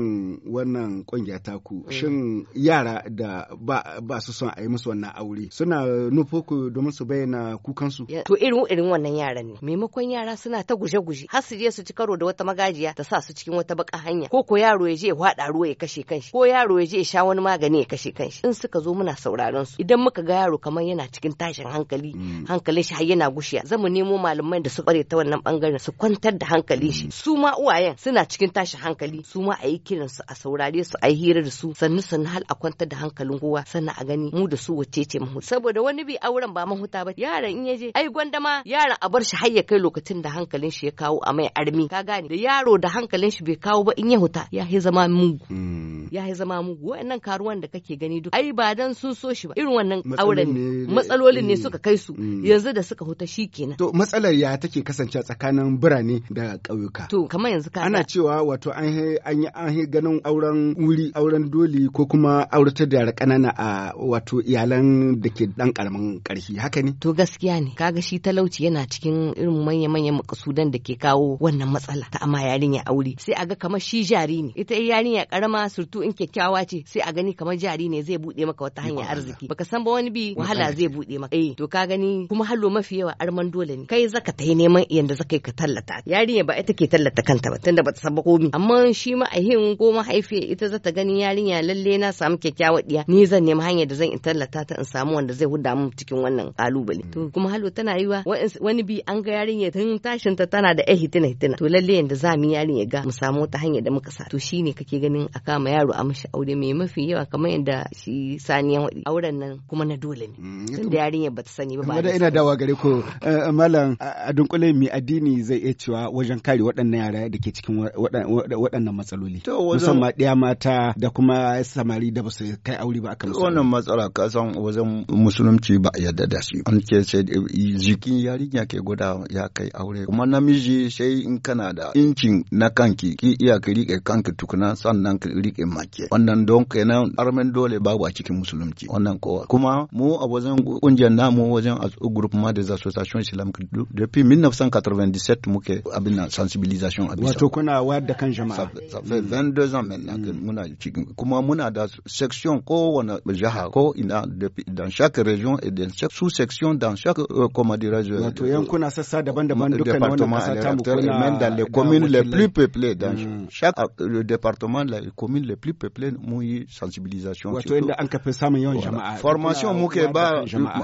wannan kungiya ta ku mm. shin yara da ba ba su son a yi musu wannan aure suna nufo ku domin su bayyana kukan su to irin irin wannan yaran ne maimakon yara suna ta guje-guje har su je su ci karo da wata magajiya ta sa su cikin wata baka hanya ko ko yaro ya je ya ruwa ya kashe kanshi ko yaro ya je ya sha wani magani ya kashe kanshi in suka zo muna sauraron su idan muka ga yaro kamar yana cikin tashin hankali mm. hankalin shi har yana gushiya zamu nemo malamai da su bare ta wannan bangaren su kwanta kwantar da hankalin shi mm. su ma uwayen suna cikin tashi hankali su ma a kiran su a saurare su ayi yi hira da su sannu sannu hal a kwantar da hankalin kowa sannan a gani mu da su wacce ce mahu saboda wani bi auren ba mahuta ba yaran in yaje ai gwanda ma yaran a bar shi har ya kai lokacin da hankalin shi ya kawo a mai armi ka gane da yaro da hankalin shi bai kawo ba in ya huta ya yi zama mugu mm. ya yi zama mugu wa'annan karuwan da kake gani duk ai ba dan sun so shi ba irin wannan auren matsalolin ne mm. suka kai su yanzu da suka huta kenan. to matsalar ya take kasance tsakanin birane da ƙauyuka. To kamar yanzu ka ana cewa wato an an yi an ganin auren wuri auren doli ko kuma auratar da yara ƙanana a wato iyalan da ke dan ƙaramin ƙarfi haka ne. To gaskiya ne kaga shi talauci yana cikin irin manya-manyan makasudan da ke kawo wannan matsala ta amma yarinya aure sai a ga kamar shi jari ne ita yarinya karama surtu in kyakkyawa ce sai a gani kamar jari ne zai buɗe maka wata hanyar arziki baka san ba wani bi wahala zai buɗe maka eh to ka gani kuma hallo mafi yawa arman dole ne kai zaka ta yi neman yanda zaka ka tallata yarinya ba ita ke tallata kanta ba tunda bata ba komi amma shi hin ko mahaifiya ita za ta gani yarinya lalle na samu kyakkyawa. diya ni zan nemi hanyar da zan in tallata ta in samu wanda zai huda mu cikin wannan kalubale to kuma halo tana yi wa wani bi an ga yarinya tun tashin ta tana da ai hitina hitina to lalle yanda za mu yarinya ga mu samu ta hanya da muka sa to shine kake ganin a kama yaro a mashi aure mai mafi yawa kamar yadda shi saniyan wadi auren nan kuma na dole ne mm, tunda yarinya bata sani ba ba ina dawa gare ko eh, malam a dunkule mi addini zai cewa wajen kare waɗannan yara da ke cikin waɗannan matsaloli musamman ɗaya mata da kuma samari da ba su kai aure ba akan wannan matsala ka san wajen musulunci ba a yarda da shi an ce sai jikin yarinya ke guda ya kai aure kuma namiji sai in kana da incin na kanki ki iya ka rike kanki tukuna sannan ka rike make wannan don kenan armen dole babu a cikin musulunci wannan kowa kuma mu a wajen kungiyar namu wajen a group ma des associations islamiques depuis 1997 muke fait abin sensibilisation a bisa wato kuna wayar da kan jama'a ça fait 22 ans maintenant que muna cikin kuma muna da section ko kowane jaha ko ina dans chaque région et dans chaque sous-section dans chaque euh, comment dirais-je wato yankuna sassa daban-daban dukkan wannan kasa mu kuna même dans les communes les plus peuplées dans chaque le département la commune les plus peuplées mu yi sensibilisation wato inda an kafa samun yawan jama'a formation mu ke ba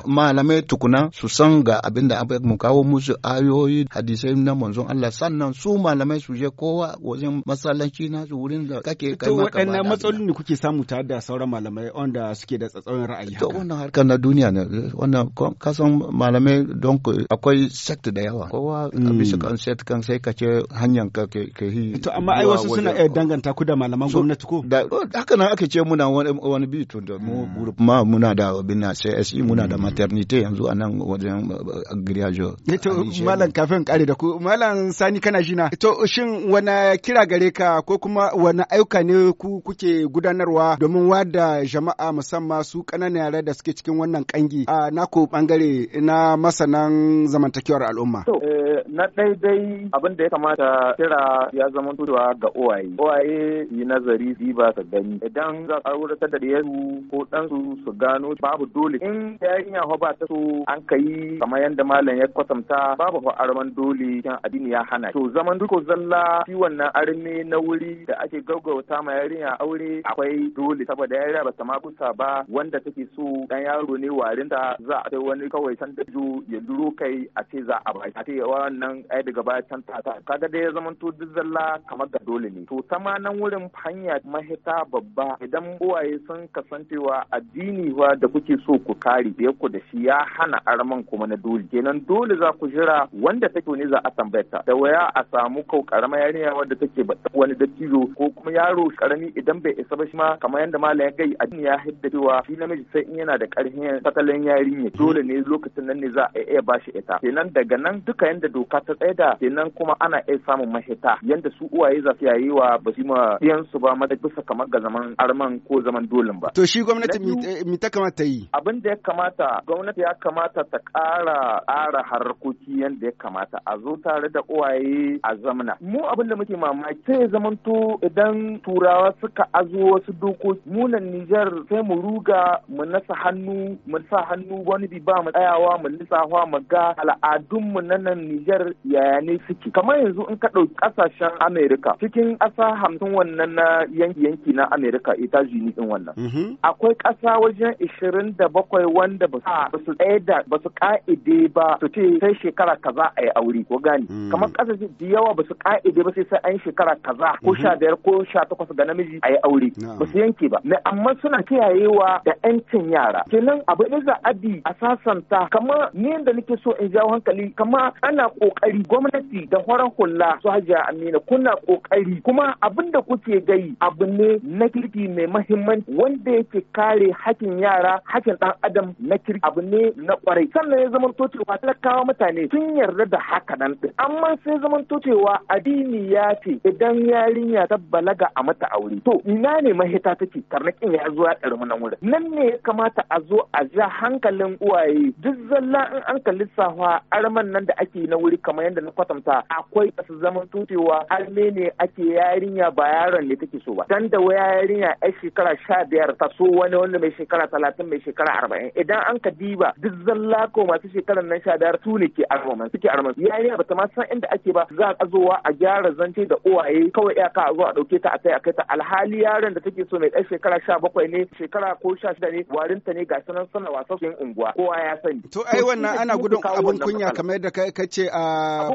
malamai tukuna su san ga abinda abin mu kawo musu ayoyi hadisai na manzo don Allah sannan su malamai su je kowa wajen masallaci na su wurin da kake kai maka to waɗannan matsaloli ne kuke samu tare da sauran malamai wanda suke da tsatsauran ra'ayi to wannan harkar na duniya ne wannan kasan malamai don akwai sect da yawa kowa hmm. bisa kan sect kan sai ka ce hanyar ka ke yi to amma ai wasu suna iya danganta ku da malaman gwamnati ko oh, haka nan ake ce muna wani bi tun da mu hmm. ma muna da na CSE muna da hmm. maternity yanzu a nan wajen uh, giriyajo. Eh, malam kafin kare da ku malam wannan Sani kana shina To shin wani kira gare ka ko kuma wani ayyuka ne ku kuke gudanarwa domin wada jama'a musamman su ƙananan yara da suke cikin wannan kangi a naku bangare na masanan zamantakewar al'umma. To eh, na daidai abin da ya kamata kira ya zama tuduwa ga uwaye. Uwaye yi nazari su ba ka gani. Idan za a ta da yasu ko dansu su gano babu dole. In yarinya fa ba ta so an kai kamar yadda malam ya kwatanta babu fa arman dole addini ya hana to zaman duko zalla shi wannan arme na wuri da ake gaggauta ma yarinya aure akwai dole saboda yarinya ba ta ma ba wanda take so dan yaro ne warinta za a kai wani kawai can dajo ya duro kai a ce za a baki a ce wannan ai daga baya can ta ta kaga dai ya zaman to duk zalla kamar da dole ne to ta ma nan wurin hanya mahita babba idan uwaye sun kasancewa addini wa da kuke so ku kare da ku da shi ya hana arman kuma na dole kenan dole za ku jira wanda take ne za a tambaya ta da waya a samu kau karama yarinya wadda take wani dattijo ko kuma yaro karami idan bai isa ba shi ma kamar yadda malam ya gai a ya hidda cewa shi namiji sai in yana da karfin tattalin yarinya dole ne lokacin nan ne za a iya bashi ita kenan daga nan duka yadda doka ta da. kenan kuma ana iya samun mahita yanda su uwaye za su yayi wa ba su ma su ba mata bisa kamar ga zaman arman ko zaman dolin ba to shi gwamnati mi ta kamata yi abin da ya kamata gwamnati ya kamata ta ƙara ƙara harkoki yanda ya kamata a zo tare da kowaye a zamana mu abin da muke mamaki sai zamanto idan turawa suka azo wasu dokoki munan Nijar sai mu ruga mu nasa hannu mu sa hannu wani bi ba mu tsayawa mu lissafa mu ga al'adun mu na nan Nijar yaya ne suke kamar yanzu in ka ɗauki ƙasashen Amerika cikin ƙasa hamsin wannan na yanki yanki na Amerika Etats-Unis din wannan mm-hmm. akwai ƙasa wajen ishirin da bakwai wanda ba su tsaye da ba su ƙa'ide ba su ce sai shekara kaza a yi aure ko gani mm. kamar mm. ƙasa da yawa ba su ka'ide ba sai sai an shekara kaza ko mm-hmm. sha biyar ko sha takwas ga namiji a yi aure ba su yanke ba na amma suna kiyayewa da yancin yara kenan abu ne za a bi a sasanta kamar ni da nake so in jawo hankali kamar ana kokari gwamnati da horon hula su hajiya amina kuna kokari kuma abin da kuke gai abu ne na kirki mai mahimmanci wanda yake kare hakin yara hakin dan adam na kirki abu ne na kwarai sannan ya zama to cewa talakawa mutane sun yarda da haka nan din amma sai zaman to cewa addini ya ce idan yarinya ta balaga a mata aure to ina ne mahita take karnakin ya zo ya tsare nan wurin nan ne ya kamata a zo a ja hankalin uwaye duk zalla in an kalli safa arman nan da ake na wuri kamar yadda na kwatanta akwai su zaman to cewa arme ne ake yarinya ba yaron ne take so ba dan da waya yarinya yar shekara sha biyar ta so wani wanda mai shekara talatin mai shekara 40 idan an ka diba duk zalla ko masu shekaran nan sha biyar su ne ke arman suke arman yarinya ba ta ma san inda ake ba za a zowa a gyara zance da uwaye kawai iyaka a zo a dauke ta a kai a kai ta alhali yaron da take so mai ɗan shekara sha bakwai ne shekara ko sha ne warin ta ne ga sanan sana wasa cikin unguwa kowa ya sani. To ai wannan ana gudun abun kunya kamar yadda kai kace a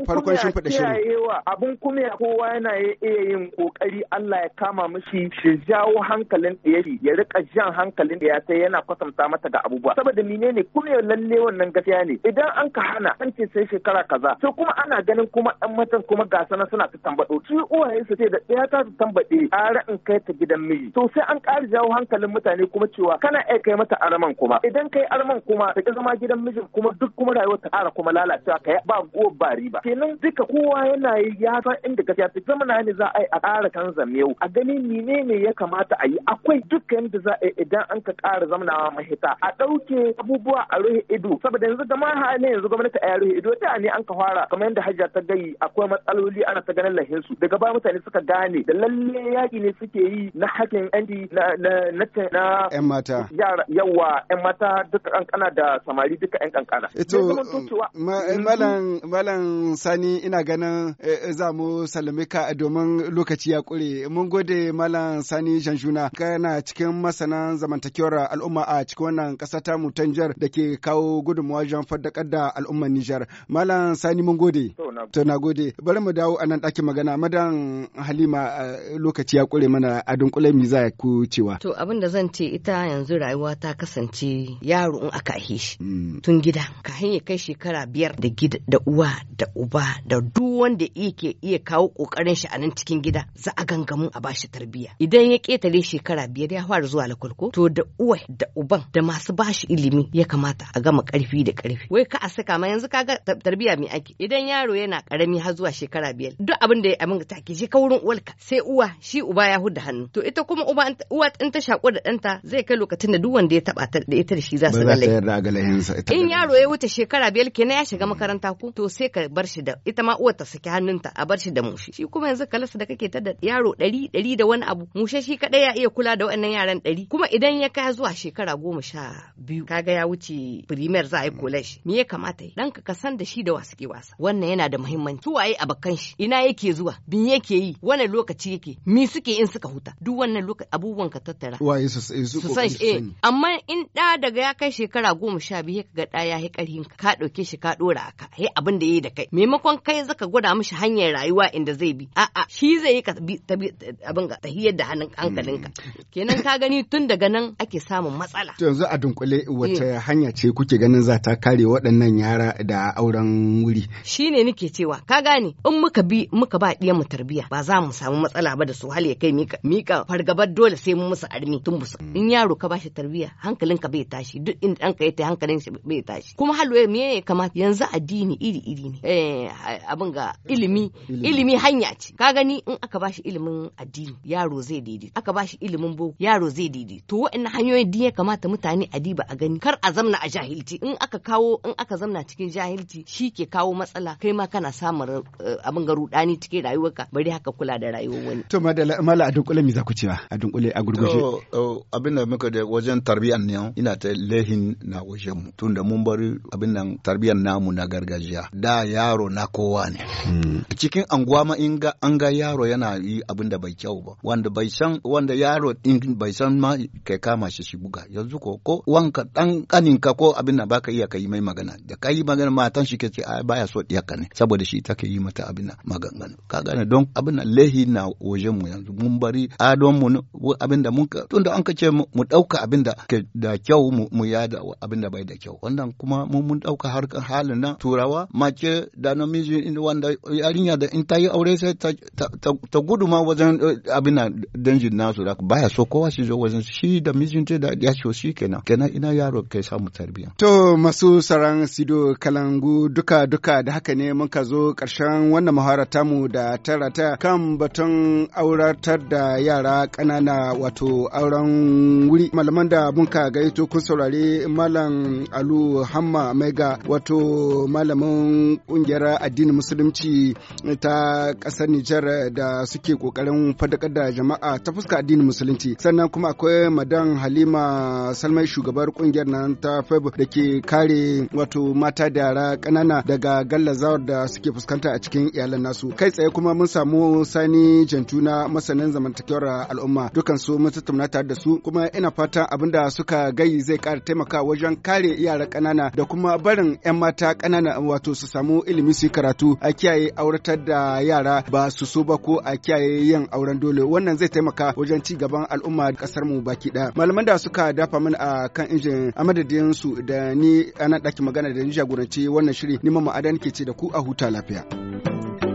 farkon fada shiri. Abun kunya kowa yana iya yin kokari Allah ya kama mishi shi jawo hankalin ɗiyari ya rika jan hankalin da ya sai yana kwatanta mata ga abubuwa. Saboda menene kunya lalle wannan gaskiya ne idan an ka hana an ce sai shekara kaza sai kuma ana ganin ganin kuma ɗan matan kuma ga sana suna ta tambaɗo shi uwaye su ce da ɗaya ta ta tambaɗe a in kai ta gidan miji to sai an ƙara jawo hankalin mutane kuma cewa kana iya kai mata araman kuma idan kai araman kuma ta zama gidan mijin kuma duk kuma rayuwar ta ƙara kuma lalacewa ka ba go ba riba kenan duka kowa yana yi ya san inda gaskiya ta zama na ne za a yi a ƙara kan zamiyau a gani menene ya kamata a yi akwai duka da za a yi idan an ka ƙara zamanawa mahita a ɗauke abubuwa a rufe ido saboda yanzu da ma halin yanzu gwamnati a rufe ido ta ne an ka fara kamar yadda hajjar ta gayi akwai matsaloli ana ta ganin lahin su daga ba mutane suka gane da lalle yaki ne suke yi na hakin yanji na na na na yan mata yara yawa yan mata duka kankana da samari duka yan kankana ito malam malam sani ina ganin eh, eh, za mu salame ka domin lokaci ya kure mun gode malam sani janjuna kana cikin masanan zamantakewar al'umma a cikin wannan kasata ta mutanjar da ke kawo gudunmawa wajen faddakar da al'ummar Nijar. Malam Sani mun gode. To na gode bari mu dawo a nan ɗakin magana madan Halima lokaci ya kure mana a dunkule mi za ku cewa. To abin da zan ce ita yanzu rayuwa ta kasance yaro in aka ahe shi hmm. tun gida Ka ya kai shekara biyar da gida da uwa da uba da duk wanda yake iya kawo kokarin shi a nan cikin gida za a gangamu a bashi tarbiyya. Idan ya ketare shekara biyar ya fara zuwa lakalko to da uwa da uban da masu bashi ilimi ya kamata a gama ƙarfi da ƙarfi. Wai ka a saka ma yanzu ka ga tarbiyya mai ake idan yaro ya yana karami har zuwa shekara biyar duk abin da ya amin ta ke ka wurin uwarka sai uwa shi uba ya huda hannu to ita kuma uba uwa in ta shaƙo da ɗanta zai kai lokacin da duk wanda ya taba ta da ita da shi za su ga in yaro ya wuce shekara biyar kenan ya shiga makaranta ku to sai ka bar shi da ita ma uwar ta saki hannunta a bar shi da mushi shi kuma yanzu kalasa da kake ta da yaro ɗari ɗari da wani abu mushe shi kaɗai ya iya kula da waɗannan yaran ɗari kuma idan ya kai zuwa shekara goma sha biyu kaga ya wuce primer za a yi college me ya kamata yi ɗanka ka san da shi da wasu ke wasa wannan yana da muhimmanci waye a bakan shi ina yake zuwa bin yake yi wani lokaci yake mi suke in suka huta duk wannan lokaci abubuwan ka tattara waye su san shi eh, amma in da daga ya kai shekara goma sha biyu ka ga da ya yi karhin ka ka dauke shi ka dora aka he abin da yayi da kai maimakon kai zaka gwada mishi hanyar rayuwa inda zai bi a'a shi zai yi ka abin ga tahiyar da hannun hankalinka hmm. kenan ka gani tun daga nan ake samun matsala to yanzu a dunkule wata eh. hanya ce kuke ganin za ta kare waɗannan yara da auren wuri shine nake cewa ka gane in muka bi muka ba ɗiyan mu tarbiya ba za mu samu matsala ba da su hal ya kai mika mika fargabar dole sai mun musu armi tun busa hmm. in yaro ka bashi tarbiya hankalinka bai tashi duk inda ɗanka ya tayi hankalin shi bai tashi kuma halwaye me ya kamata yanzu addini iri iri ne eh abin ga ilimi ilimi hanya ce ka gani in aka bashi ilimin addini yaro zai daidai aka bashi ilimin boko yaro zai didi. to waɗannan hanyoyin din ya kamata mutane adiba a gani kar a zamna a jahilci in aka kawo in aka zamna cikin jahilci shi ke kawo matsala kai ma kana samun eh, abin ga rudani cikin rayuwarka bari haka kula da rayuwar wani to madala mala a dunkule mi za ku cewa a dunkule a gurguje abin da muka da wajen tarbiyyar ne ina ta lehin na wajen mu da mun bari abin nan tarbiyyar namu na gargajiya da yaro na kowa ne hmm. cikin anguwa ma in ga an ga yaro yana yi abin da bai kyau ba wanda bai san wanda yaro din bai san ma kai kama shi shi buga yanzu ko ko wanka dan kaninka ko abin da baka iya kai mai magana da kai magana matan shi ke ce baya so diyaka ne saboda shi take yi mata abin maganganu ka gane don abin lehi na wajen mu yanzu mun bari adon mu abin da mun ka tunda an ka ce mu dauka abin da ke da kyau mu yada abin da bai da kyau wannan kuma mun mun dauka harkan halin nan turawa mace da namiji wanda yarinya da in ta yi aure sai ta gudu ma wajen eh, abin nan danjin nasu da baya so kowa shi zo wajen shi da mijinta da ya shi kenan kenan ina yaro kai samu tarbiyya to masu saran sido kalangu duka duka da haka ne mun muka zo ƙarshen wannan muhara tamu da tara ta kan batun auratar da yara ƙanana wato auren wuri. Malaman da bunka gaito kun saurari Malam Alu Hamma Mega wato malamin ƙungiyar addinin musulunci ta ƙasar Nijar da suke ƙoƙarin fadakar da jama'a ta fuska addinin musulunci. Sannan kuma akwai Madan Halima Salmai shugabar ƙungiyar nan ta FEB da ke kare wato mata da yara ƙanana daga gallazawar da suke fuskanta a cikin iyalan nasu kai tsaye kuma mun samu sani jantuna masanin zamantakewar al'umma dukan su mun tattauna tare da su kuma ina fatan abin da suka gayi zai ƙara taimaka wajen kare yara ƙanana da kuma barin 'yan mata ƙanana wato su samu ilimi su karatu a kiyaye auratar da yara ba su so ba ko a kiyaye yin auren dole wannan zai taimaka wajen ci gaban al'umma da kasar mu baki ɗaya malaman da suka dafa min a kan injin a madadin su da ni ana ɗaki magana da ni jagoranci wannan shiri ni ma ma'adan ke ce da ku a huta lafiya.